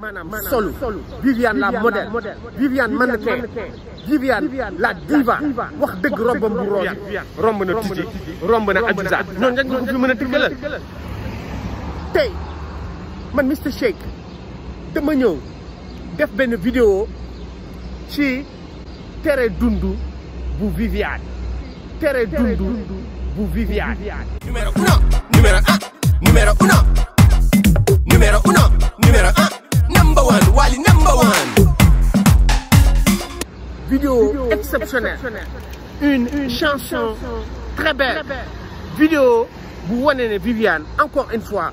maanaam solu Viviane la modèle Viviane mannequin Viviane la diva wax dëgg robam bu roos romb na Titi romb na Adiza ñooñu rek fi mën a tëggalal tey man Mister Shake dama ñëw def benn vidéo ci tere dundu bu Viviane tere dundu bu Viviane numéro uno une, chanson, très belle, vidéo bu Viviane encore une fois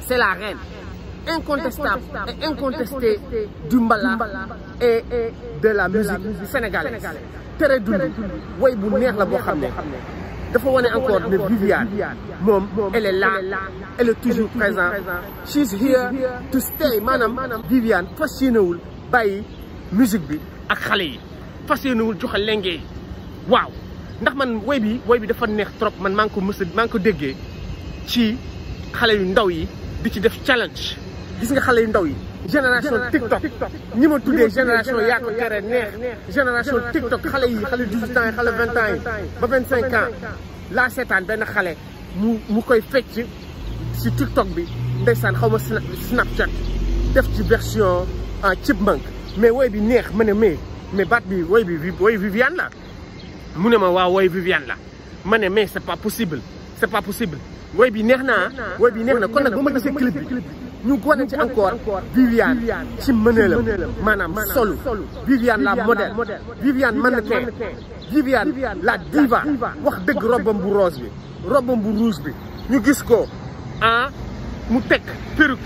c'est la reine incontestable et incontestée du mbala et de la musique sénégalaise très dund Vous bu neex la boo xam encore Viviane elle est là elle est toujours présente she's here to stay Madame Viviane fas yéenewul viviane musique bi ak à fas yéenewul joxe lenge waaw ndax man woy bi woy bi dafa neex trop man maa ngi ko mës maa ngi ko déggee ci xale yu ndaw yi di ci def challenge gis nga xale yu ndaw yi. génération TikTok ñi ma tuddee génération yaa ko tere neex génération TikTok xale yi xale 18 ans yi xale 20 ans yi ba 25 ans laa seetaan benn xale mu mu koy fecc si TikTok bi ndeysaan xaw ma Snapchat def ci version ah, Chipmunk mais woy bi neex ma ne mais. mais baat bi woy bi woy Viviane la munema wa ma Viviane la mané mais c'est pas possible c'est pas possible woy bi neex naa woy bi neex na kon nag ba ma clip bi ñu ci encore Viviane ci mëneelam manam solo, Viviane la modèle Viviane mannequin Viviane la diva wax dëgg robam bu rose bi robam bu rouge bi ñu gis ko ah mu perruque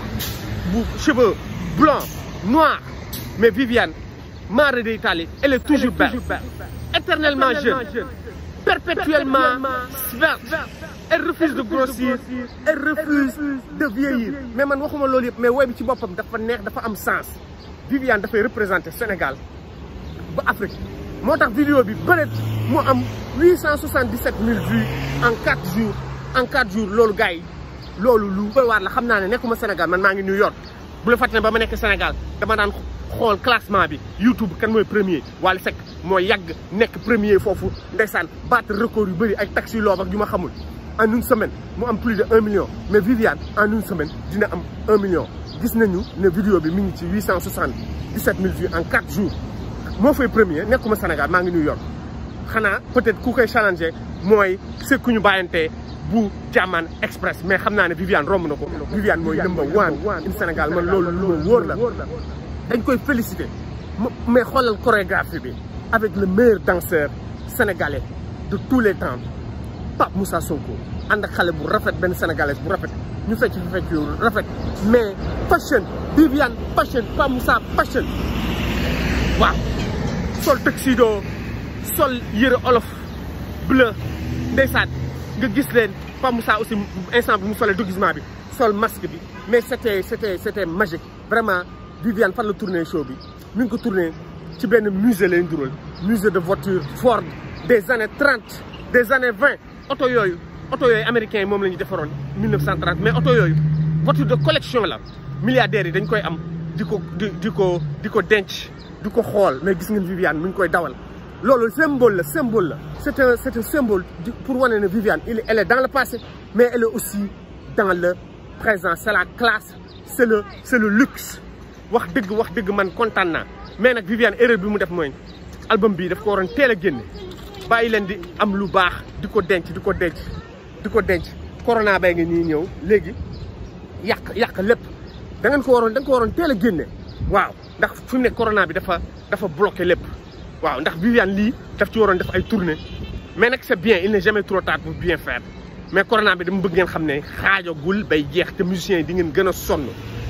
bu cheveux blanc noir mais Viviane marre d'Italie, elle est toujours belle. Éternellement jeune, perpétuellement svelte. Elle refuse de grossir, elle refuse de vieillir. Mais man waxuma loolu yëpp mais way bi ci bopam dafa neex dafa am sens. Viviane dafay représenter Sénégal ba Afrique Motax vidéo bi peut-être am 877 000 vues en 4 jours en 4 jours loolu gars yi loolu lu la xamna naa ne Sénégal man suis ngi New York bu la faté ba ma Sénégal dama xool classement bi YouTube kan mooy premier Wally Seck mooy yàgg nekk premier foofu ndeysaan battre record yu bëri ay taxi loob ak yu ma xamul en une semaine moo am plus de un million mais Viviane en une semaine dina am un million gis nañu ne vidéo bi mu ngi ci huit cent soixante dix sept mille vues en quatre jours moo fay premier nekkuma Sénégal maa ngi New York xanaa peut-être ku koy challenger mooy sekkuñu bàyyantee bu Jahman Express mais xam naa ne Viviane romb na ko Viviane mooy number one in Sénégal man loolu lu ma dañ koy féliciter mais xolal chorégraphie bi avec le meilleur danseur sénégalais de tous les temps Pape Moussa Sonko and ak xalé bu rafet ben sénégalais bu rafet ñu fecc fi fecc rafet mais fashion Viviane fashion Pape Moussa fashion waaw sol tuxedo sol yëre olof bleu Dessad, nga gis len Pape Moussa aussi instant bu mu solee déguisement bi sol masque bi mais c'était c'était c'était magique vraiment Viviane fan le tourné show bi mi ko tourné ci ben musée lay ndural musée de voiture Ford des années 30 des années 20 auto yooyu auto yooyu américains mom lañu la 1930 mais auto yooyu voiture de collection là, milliardaire, yi dañ koy am diko diko diko di diko xol mais gis ngeen Viviane mi koy dawal loolu symbole la symbole c'est un c'est un symbole pour wane ne Viviane il elle est dans le passé mais elle est aussi dans le présent c'est la classe c'est le c'est le luxe wax dëgg wax dëgg man kontaan naa mais nag Viviane erreur bi mu def mooy album bii daf ko waroon teel a génne bàyyi leen di am lu baax di ko denc di ko denc di ko denc corona bay ngeen nii ñëw léegi yàq yàq lépp da ngeen ko waroon da nga ko waroon teel a génne waaw ndax fu mu ne corona bi dafa dafa bloqué lépp waaw ndax Viviane lii daf ci waroon def ay tournée mais nag c'est bien il n'est jamais trop tard bien faire mais corona bi dama bëgg ngeen xam ne xaajagul bay jeex te musiciens gën a sonn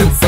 Yes.